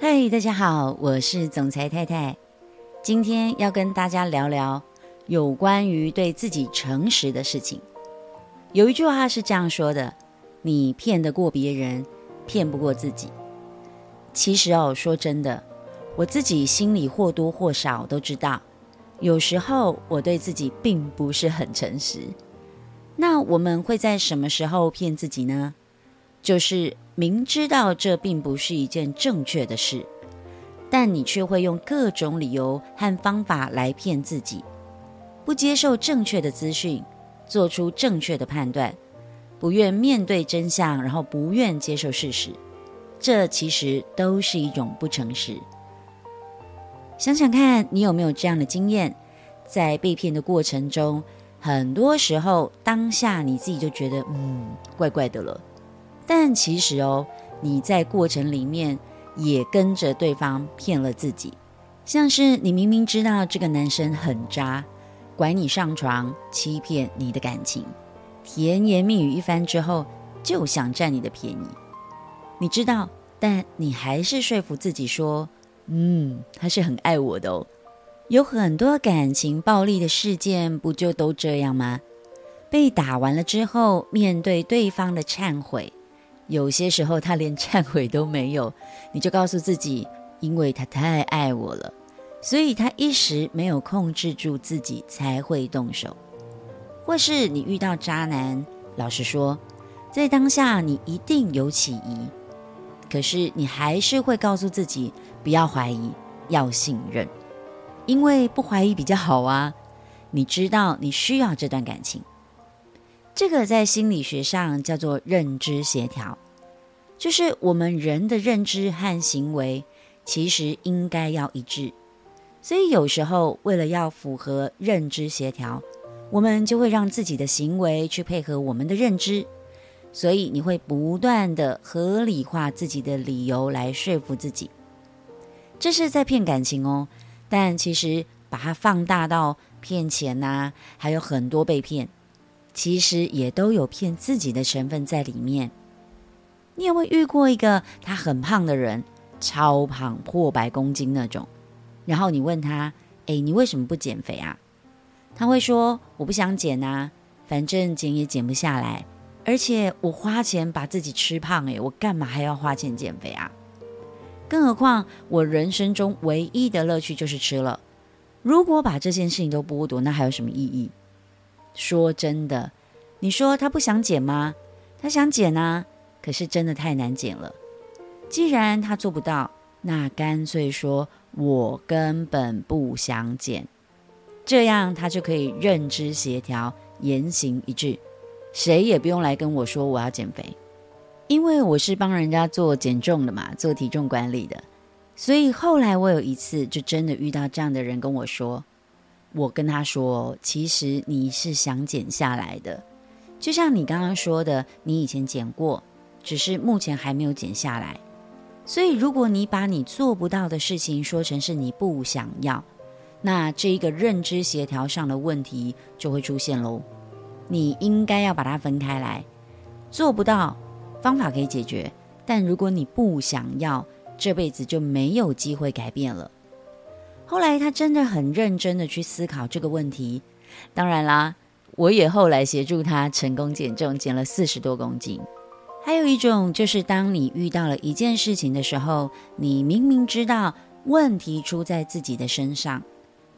嗨，大家好，我是總裁太太。今天要跟大家聊聊有關於對自己誠實的事情。有一句話是這樣說的：“你騙得過別人，騙不過自己。”其實哦，說真的，我自己心裡或多或少都知道。有時候我對自己並不是很誠實。那我們會在什麼時候騙自己呢？就是明知道這並不是一件正確的事，但你卻會用各種理由和方法來騙自己，不接受正確的資訊，做出正確的判斷，不願面對真相，然後不願接受事實。這其實都是一種不誠實。想想看，你有沒有這樣的經驗？在被騙的過程中，很多時候當下你自己就覺得嗯，怪怪的了。但其實哦，你在過程裡面也跟着對方騙了自己。像是你明明知道這個男生很渣，拐你上床，欺騙你的感情，甜言蜜語一番之後，就想占你的便宜。你知道，但你還是說服自己說，嗯，他是很愛我的哦。有很多感情暴力的事件，不就都這樣嗎？被打完了之後，面對對方的懺悔，有些時候他連懺悔都沒有，你就告訴自己，因為他太愛我了，所以他一時沒有控制住自己才會動手。或是你遇到渣男，老實說，在當下你一定有起疑。可是你還是會告訴自己不要懷疑，要信任，因為不懷疑比較好啊。你知道你需要這段感情，這個在心理學上叫做認知協調，就是我們人的認知和行為其實應該要一致。所以有時候為了要符合認知協調，我們就會讓自己的行為去配合我們的認知。所以你會不斷的合理化自己的理由來說服自己，這是在騙感情哦。但其實把它放大到騙錢呐，還有很多被騙，其實也都有騙自己的成分在裡面。你有沒有遇過一個他很胖的人，超胖破百公斤那種？然後你問他：“哎，你為什麼不減肥啊？”他會說：“我不想減啊，反正減也減不下來。”而且我花錢把自己吃胖，哎，我幹嘛還要花錢減肥啊？更何況我人生中唯一的樂趣就是吃了。如果把這件事情都剝奪，那還有什麼意義？說真的，你說他不想減嗎？他想減啊，可是真的太難減了。既然他做不到，那乾脆說我根本不想減，這樣他就可以認知協調，言行一致。誰也不用來跟我說我要減肥，因為我是幫人家做減重的嘛，做體重管理的。所以後來我有一次就真的遇到這樣的人跟我說，我跟他說，其實你是想減下來的，就像你剛剛說的，你以前減過，只是目前還沒有減下來。所以如果你把你做不到的事情說成是你不想要，那這一個認知協調上的問題就會出現嘍。你應該要把它分開來，做不到，方法可以解決，但如果你不想要，這輩子就沒有機會改變了。後來他真的很認真的去思考這個問題，當然啦，我也後來協助他成功減重，減了四十多公斤。還有一種就是，當你遇到了一件事情的時候，你明明知道問題出在自己的身上，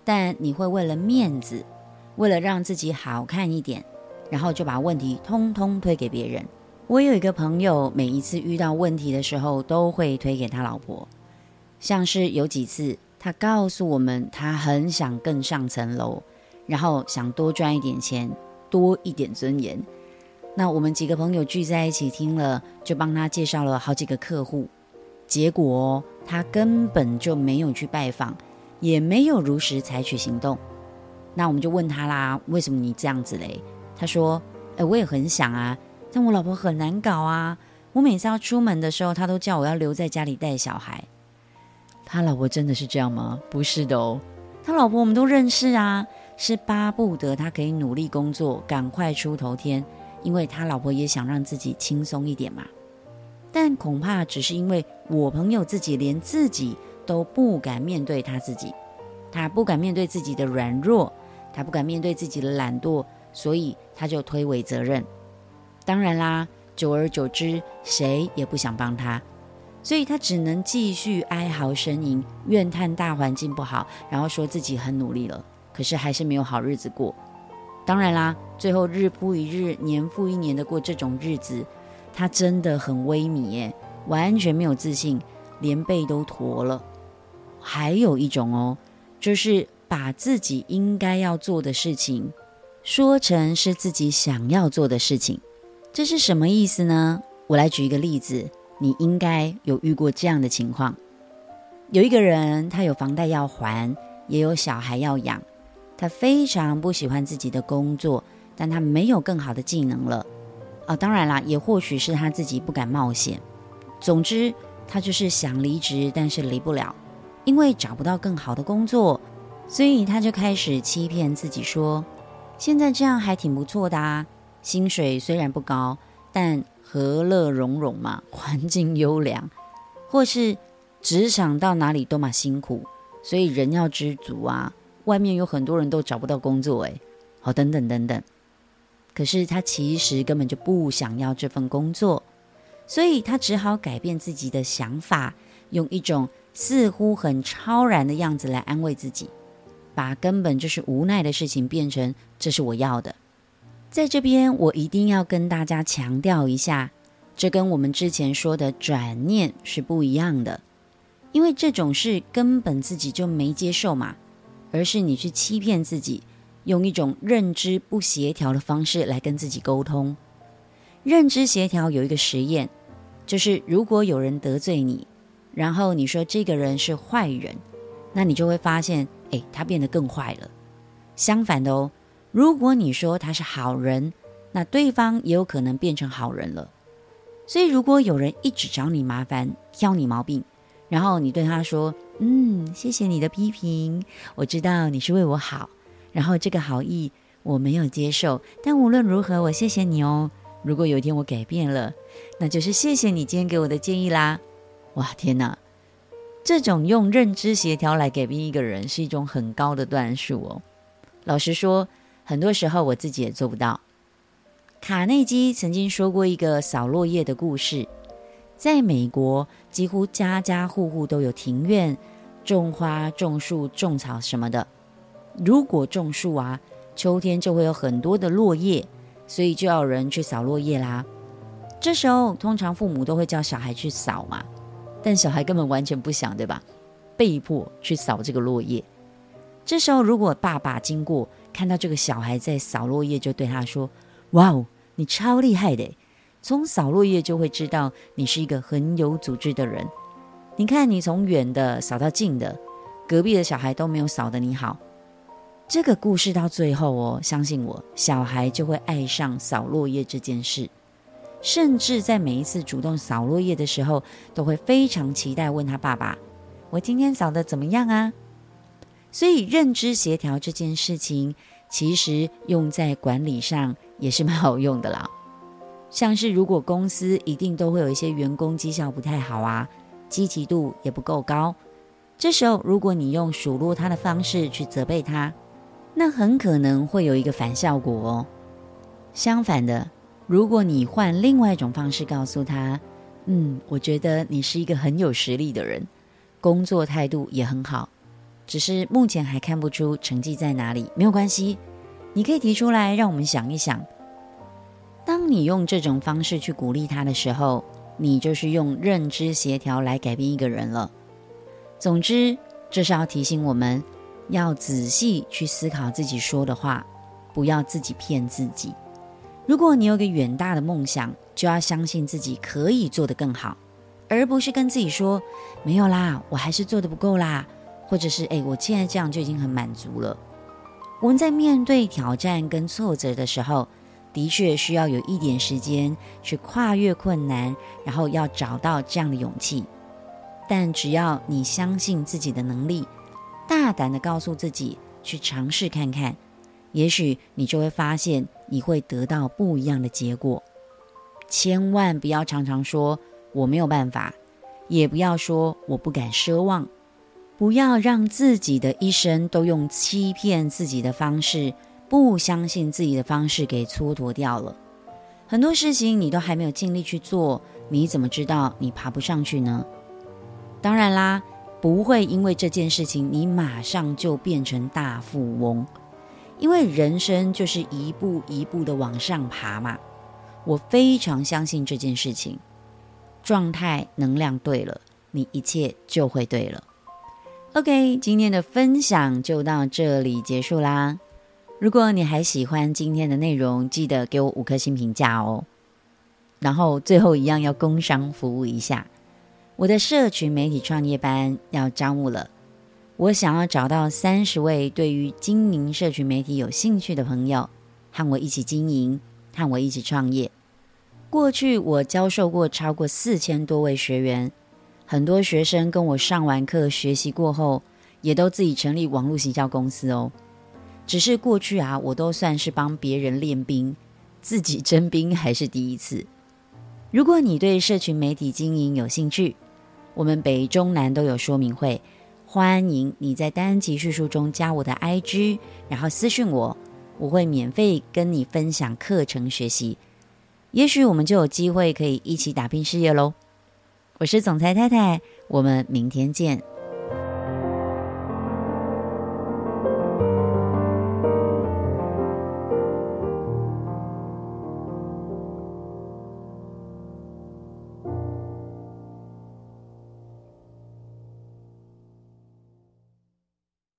但你會為了面子，為了讓自己好看一點，然後就把問題通通推給別人。我有一個朋友，每一次遇到問題的時候，都會推給他老婆。像是有幾次，他告訴我們，他很想更上層樓，然後想多賺一點錢，多一點尊嚴。那我們幾個朋友聚在一起聽了，就幫他介紹了好幾個客戶。結果他根本就沒有去拜訪，也沒有如實採取行動。那我們就問他啦，為什麼你這樣子嘞？他說：“哎、欸，我也很想啊，但我老婆很難搞啊。我每次要出門的時候，他都叫我要留在家裡帶小孩。他老婆真的是這樣嗎？不是的哦，他老婆我們都認識啊，是巴不得他可以努力工作，趕快出頭天，因為他老婆也想讓自己輕鬆一點嘛。但恐怕只是因為我朋友自己連自己都不敢面對，他自己，他不敢面對自己的軟弱，他不敢面對自己的懶惰。”所以他就推諉責任，當然啦，久而久之，誰也不想幫他，所以他只能繼續哀嚎呻吟，怨嘆大環境不好，然後說自己很努力了，可是還是沒有好日子過。當然啦，最後日復一日，年復一年的過這種日子，他真的很萎靡耶，完全沒有自信，連背都駝了。還有一種哦，就是把自己應該要做的事情。說成是自己想要做的事情，這是什麼意思呢？我來舉一個例子，你應該有遇過這樣的情況：有一個人，他有房貸要還，也有小孩要養，他非常不喜歡自己的工作，但他沒有更好的技能了哦，當然啦，也或許是他自己不敢冒險。總之，他就是想離職，但是離不了，因為找不到更好的工作，所以他就開始欺騙自己說，現在這樣還挺不錯的啊，薪水雖然不高，但和樂融融嘛，環境優良。或是職場到哪裡都蠻辛苦，所以人要知足啊。外面有很多人都找不到工作，哎、哦，好，等等等等。可是他其實根本就不想要這份工作，所以他只好改變自己的想法，用一種似乎很超然的樣子來安慰自己。把根本就是無奈的事情變成這是我要的，在這邊我一定要跟大家強調一下，這跟我們之前說的轉念是不一樣的，因為這種事根本自己就沒接受嘛，而是你去欺騙自己，用一種認知不協調的方式來跟自己溝通。認知協調有一個實驗，就是如果有人得罪你，然後你說這個人是壞人，那你就會發現。哎，他變得更壞了。相反的哦，如果你說他是好人，那對方也有可能變成好人了。所以，如果有人一直找你麻煩、挑你毛病，然後你對他說：“嗯，謝謝你的批評，我知道你是為我好，然後這個好意我沒有接受，但無論如何我謝謝你哦。如果有一天我改變了，那就是謝謝你今天給我的建議啦。”哇，天哪！這種用認知協調來改變一個人，是一種很高的段數哦。老實說，很多時候我自己也做不到。卡內基曾經說過一個掃落葉的故事，在美國幾乎家家戶戶都有庭院，種花、種樹、種草什麼的。如果種樹啊，秋天就會有很多的落葉，所以就要人去掃落葉啦。這時候，通常父母都會叫小孩去掃嘛、啊。但小孩根本完全不想，對吧？被迫去掃這個落葉。這時候，如果爸爸經過看到這個小孩在掃落葉，就對他說：“哇哦，你超厲害的！從掃落葉就會知道你是一個很有組織的人。你看，你從遠的掃到近的，隔壁的小孩都沒有掃得你好。”這個故事到最後哦，相信我，小孩就會愛上掃落葉這件事。甚至在每一次主動掃落葉的時候，都會非常期待問他爸爸：“我今天掃得怎麼樣啊？”所以，認知協調這件事情，其實用在管理上也是蠻好用的啦。像是如果公司一定都會有一些員工績效不太好啊，積極度也不夠高，這時候如果你用數落他的方式去責備他，那很可能會有一個反效果哦。相反的。如果你換另外一種方式告訴他：“嗯，我覺得你是一個很有實力的人，工作態度也很好，只是目前還看不出成績在哪裡。沒有關係，你可以提出來讓我們想一想。”當你用這種方式去鼓勵他的時候，你就是用認知協調來改變一個人了。總之，這是要提醒我們，要仔細去思考自己說的話，不要自己騙自己。如果你有個遠大的夢想，就要相信自己可以做得更好，而不是跟自己說“沒有啦，我還是做得不夠啦”，或者是“誒，我現在這樣就已經很滿足了”。我們在面對挑戰跟挫折的時候，的確需要有一點時間去跨越困難，然後要找到這樣的勇氣。但只要你相信自己的能力，大膽的告訴自己去嘗試看看。也許你就會發現，你會得到不一樣的結果。千萬不要常常說我沒有辦法，也不要說我不敢奢望，不要讓自己的一生都用欺騙自己的方式、不相信自己的方式給蹉跎掉了。很多事情你都還沒有盡力去做，你怎麼知道你爬不上去呢？當然啦，不會因為這件事情你馬上就變成大富翁。因為人生就是一步一步的往上爬嘛，我非常相信這件事情。狀態能量對了，你一切就會對了。OK，今天的分享就到這裡結束啦。如果你還喜歡今天的內容，記得給我五顆星評價哦。然後最後一樣要工商服務一下，我的社群媒體創業班要招募了。我想要找到三十位對於經營社群媒體有興趣的朋友，和我一起經營，和我一起創業。過去我教授過超過四千多位學員，很多學生跟我上完課學習過後，也都自己成立網絡行銷公司哦。只是過去啊，我都算是幫別人練兵，自己徵兵還是第一次。如果你對社群媒體經營有興趣，我們北中南都有說明會。歡迎你在單集敘述中加我的 IG，然後私訊我，我會免費跟你分享課程學習。也許我們就有機會可以一起打拼事業嘍！我是總裁太太，我們明天見。